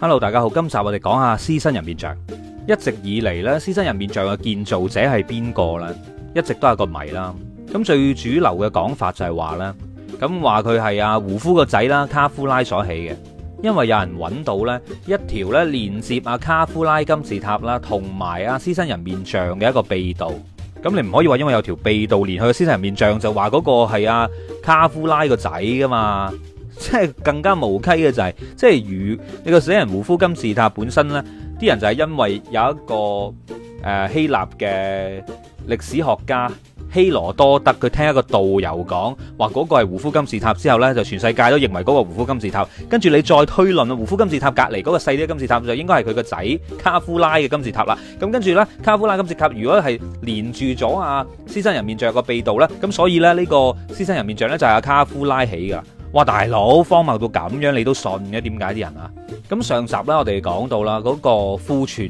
Hello，大家好，今集我哋講下獅身人面像。一直以嚟咧，獅身人面像嘅建造者係邊個呢？一直都係個謎啦。咁最主流嘅講法就係話呢，咁話佢係阿胡夫個仔啦，卡夫拉所起嘅。因為有人揾到呢一條呢連接阿卡夫拉金字塔啦，同埋啊獅身人面像嘅一個秘道。咁你唔可以話因為有條秘道連去獅身人面像，就話嗰個係阿卡夫拉個仔噶嘛？即係更加無稽嘅就係、是，即係如你個死人胡夫金字塔本身呢啲人就係因為有一個、呃、希臘嘅歷史學家希羅多德，佢聽一個導遊講話嗰個係胡夫金字塔之後呢，就全世界都認為嗰個胡夫金字塔。跟住你再推論啊，胡夫金字塔隔離嗰個細啲嘅金字塔就應該係佢個仔卡夫拉嘅金字塔啦。咁跟住呢，卡夫拉金字塔如果係連住咗啊獅身人面像個秘道呢，咁所以呢，呢、這個獅身人面像呢，就係、是、阿、啊、卡夫拉起㗎哇！大佬荒謬到咁樣，你都信嘅？點解啲人啊？咁上集呢，我哋講到啦，嗰個庫存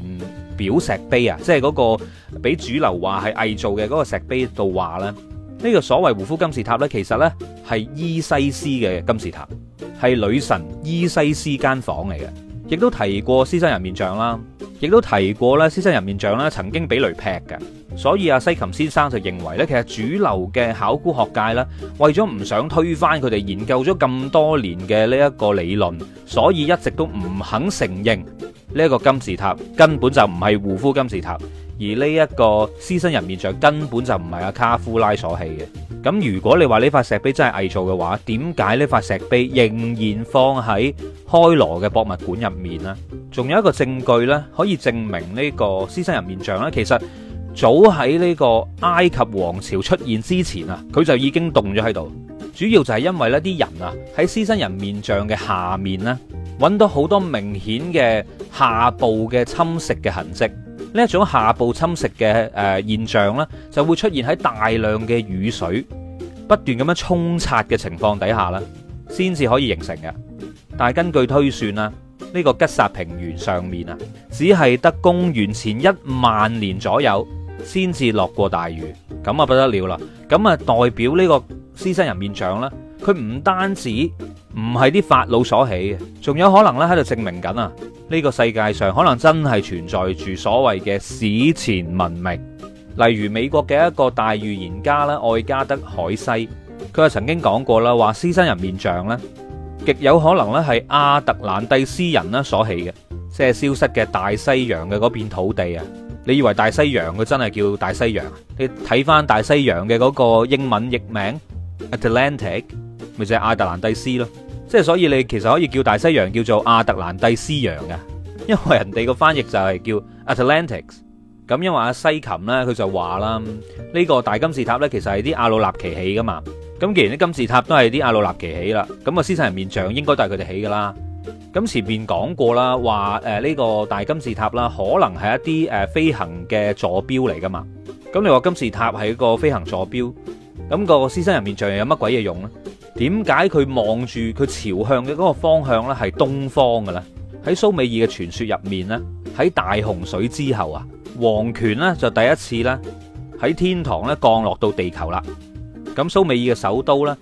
表石碑啊，即係嗰個俾主流話係偽造嘅嗰個石碑度話呢，呢個所謂胡夫金字塔呢，其實呢係伊西斯嘅金字塔，係女神伊西斯間房嚟嘅。亦都提過獅身人面像啦，亦都提過咧獅身人面像咧曾經俾雷劈嘅，所以阿西琴先生就認為咧，其實主流嘅考古學界咧，為咗唔想推翻佢哋研究咗咁多年嘅呢一個理論，所以一直都唔肯承認呢一個金字塔根本就唔係胡夫金字塔。而呢一個獅身人面像根本就唔係阿卡夫拉所起嘅。咁如果你話呢塊石碑真係偽造嘅話，點解呢塊石碑仍然放喺開羅嘅博物館入面呢？仲有一個證據呢，可以證明呢個獅身人面像呢，其實早喺呢個埃及王朝出現之前啊，佢就已經凍咗喺度。主要就係因為呢啲人啊喺獅身人面像嘅下面呢，揾到好多明顯嘅下部嘅侵蝕嘅痕跡。呢一種下部侵蝕嘅誒，現象呢，就會出現喺大量嘅雨水不斷咁樣沖刷嘅情況底下先至可以形成嘅。但係根據推算呢、呢個吉薩平原上面啊，只係得公元前一萬年左右先至落過大雨，咁啊不得了啦。咁啊代表呢個獅身人面像呢，佢唔單止。唔係啲法老所起嘅，仲有可能咧喺度證明緊啊！呢個世界上可能真係存在住所謂嘅史前文明，例如美國嘅一個大預言家啦，愛加德海西，佢係曾經講過啦，話獅身人面像呢極有可能咧係阿特蘭蒂斯人所起嘅，即係消失嘅大西洋嘅嗰片土地啊！你以為大西洋佢真係叫大西洋？你睇翻大西洋嘅嗰個英文譯名 Atlantic。咪就係、是、亞特蘭蒂斯咯，即係所以你其實可以叫大西洋叫做亞特蘭蒂斯洋嘅，因為人哋個翻譯就係叫 Atlantics。咁因為阿西琴呢，佢就話啦，呢個大金字塔呢，其實係啲阿魯納奇起噶嘛。咁既然啲金字塔都係啲阿魯納奇起啦，咁個獅身人面像應該都係佢哋起噶啦。咁前面講過啦，話誒呢個大金字塔啦，可能係一啲誒飛行嘅座標嚟噶嘛。咁你話金字塔係一個飛行座標，咁個獅身人面像有乜鬼嘢用呢？點解佢望住佢朝向嘅嗰個方向呢？係東方嘅咧。喺蘇美爾嘅傳說入面呢，喺大洪水之後啊，王權呢就第一次咧喺天堂咧降落到地球啦。咁蘇美爾嘅首都呢，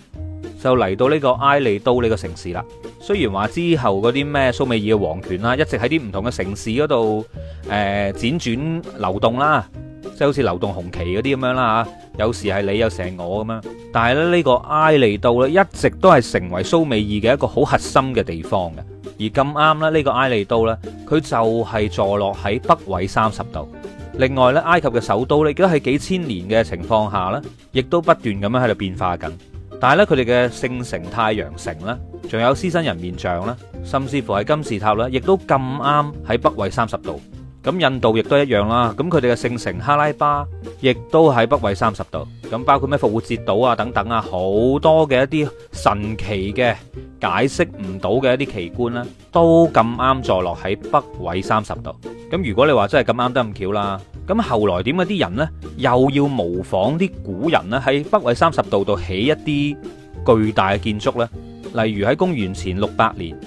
就嚟到呢個埃利都呢個城市啦。雖然話之後嗰啲咩蘇美爾嘅王權啦，一直喺啲唔同嘅城市嗰度誒輾轉流動啦，即係好似流動紅旗嗰啲咁樣啦吓。有時係你，有時係我咁樣。但係咧，呢個埃利都咧，一直都係成為蘇美爾嘅一個好核心嘅地方嘅。而咁啱啦，呢個埃利都咧，佢就係坐落喺北緯三十度。另外呢，埃及嘅首都，你記得喺幾千年嘅情況下咧，亦都不斷咁樣喺度變化緊。但係咧，佢哋嘅聖城太陽城啦，仲有獅身人面像啦，甚至乎係金字塔啦，亦都咁啱喺北緯三十度。咁印度亦都一樣啦。咁佢哋嘅聖城哈拉巴，亦都喺北緯三十度。咁包括咩復活節島啊，等等啊，好多嘅一啲神奇嘅解釋唔到嘅一啲奇觀啦，都咁啱坐落喺北緯三十度。咁如果你話真係咁啱得咁巧啦，咁後來點解啲人呢又要模仿啲古人呢喺北緯三十度度起一啲巨大嘅建築呢？例如喺公元前六百年，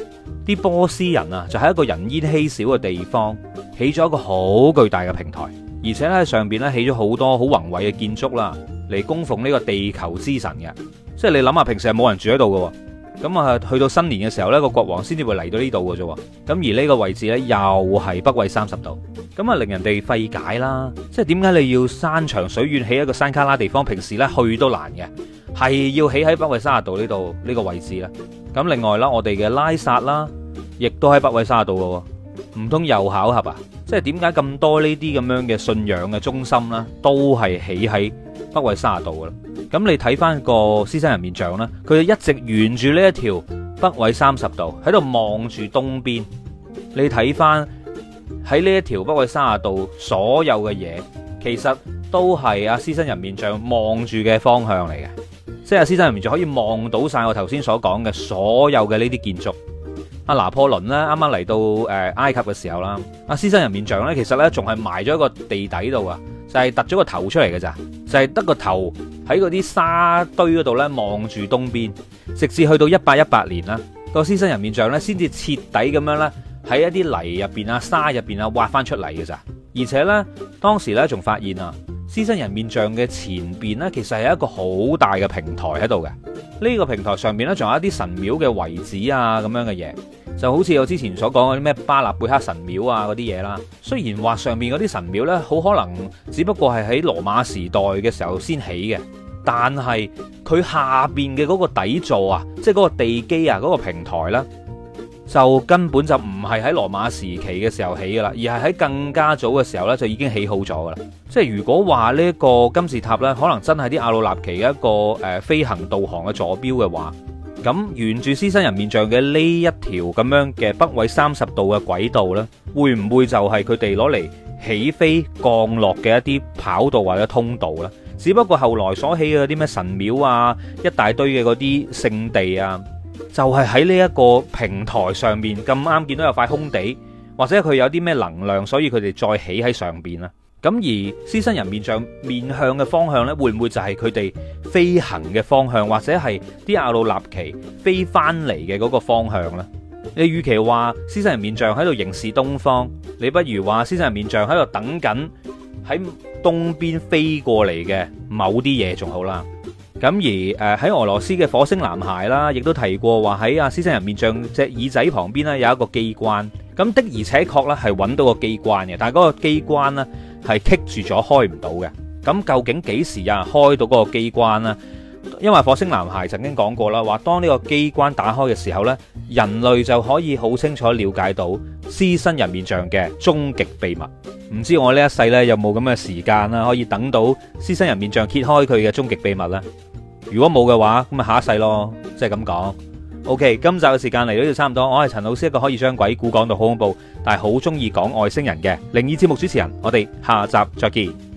啲波斯人啊就喺一個人煙稀少嘅地方。起咗一個好巨大嘅平台，而且咧喺上邊咧起咗好多好宏偉嘅建築啦，嚟供奉呢個地球之神嘅。即係你諗下，平時係冇人住喺度嘅，咁啊去到新年嘅時候呢個國王先至會嚟到呢度嘅啫。咁而呢個位置呢，又係北緯三十度，咁啊令人哋費解啦。即係點解你要山長水遠起一個山卡拉地方，平時呢去都難嘅，係要起喺北緯三十度呢度呢個位置呢。咁另外啦，我哋嘅拉薩啦，亦都喺北緯三十度嘅。唔通又巧合啊！即係點解咁多呢啲咁樣嘅信仰嘅中心呢，都係起喺北緯三十度噶啦。咁你睇翻個獅身人面像呢，佢就一直沿住呢一條北緯三十度喺度望住東邊。你睇翻喺呢一條北緯三十度所有嘅嘢，其實都係阿獅身人面像望住嘅方向嚟嘅。即係獅身人面像可以望到晒我頭先所講嘅所有嘅呢啲建築。阿拿破崙咧，啱啱嚟到、呃、埃及嘅時候啦，阿獅身人面像咧，其實咧仲係埋咗一個地底度啊，就係凸咗個頭出嚟嘅咋，就係、是、得個頭喺嗰啲沙堆嗰度咧望住東邊，直至去到一八一八年啦，這個獅身人面像咧先至徹底咁樣咧喺一啲泥入面啊、沙入面啊挖翻出嚟嘅咋，而且咧當時咧仲發現啊。獅身人面像嘅前邊呢，其實係一個好大嘅平台喺度嘅。呢個平台上面呢，仲有一啲神廟嘅遺址啊咁樣嘅嘢，就好似我之前所講嗰啲咩巴拿貝克神廟啊嗰啲嘢啦。雖然話上面嗰啲神廟呢，好可能只不過係喺羅馬時代嘅時候先起嘅，但係佢下邊嘅嗰個底座啊，即係嗰個地基啊，嗰個平台啦。就根本就唔係喺羅馬時期嘅時候起嘅啦，而係喺更加早嘅時候呢，就已經起好咗嘅啦。即係如果話呢個金字塔呢，可能真係啲阿努納奇嘅一個誒、呃、飛行導航嘅座標嘅話，咁沿住獅身人面像嘅呢一條咁樣嘅北緯三十度嘅軌道呢，會唔會就係佢哋攞嚟起飛降落嘅一啲跑道或者通道呢？只不過後來所起嘅啲咩神廟啊，一大堆嘅嗰啲聖地啊。就係喺呢一個平台上面咁啱見到有塊空地，或者佢有啲咩能量，所以佢哋再起喺上邊啦。咁而獅身人面像面向嘅方向呢，會唔會就係佢哋飛行嘅方向，或者係啲阿努納奇飛翻嚟嘅嗰個方向呢？你與其話獅身人面像喺度凝視東方，你不如話獅身人面像喺度等緊喺東邊飛過嚟嘅某啲嘢，仲好啦。咁而誒喺俄羅斯嘅火星男孩啦，亦都提過話喺阿獅身人面像隻耳仔旁邊咧有一個機關，咁的而且確呢，係揾到個機關嘅，但嗰個機關呢，係棘住咗開唔到嘅。咁究竟幾時有人開到嗰個機關咧？因為火星男孩曾經講過啦，話當呢個機關打開嘅時候呢，人類就可以好清楚了解到獅身人面像嘅終極秘密。唔知我呢一世呢，有冇咁嘅時間啦，可以等到獅身人面像揭開佢嘅終極秘密呢？如果冇嘅話，咁咪下一世咯，即係咁講。OK，今集嘅時間嚟到呢度差唔多，我係陳老師一個可以將鬼故講到好恐怖，但係好中意講外星人嘅靈異節目主持人，我哋下集再見。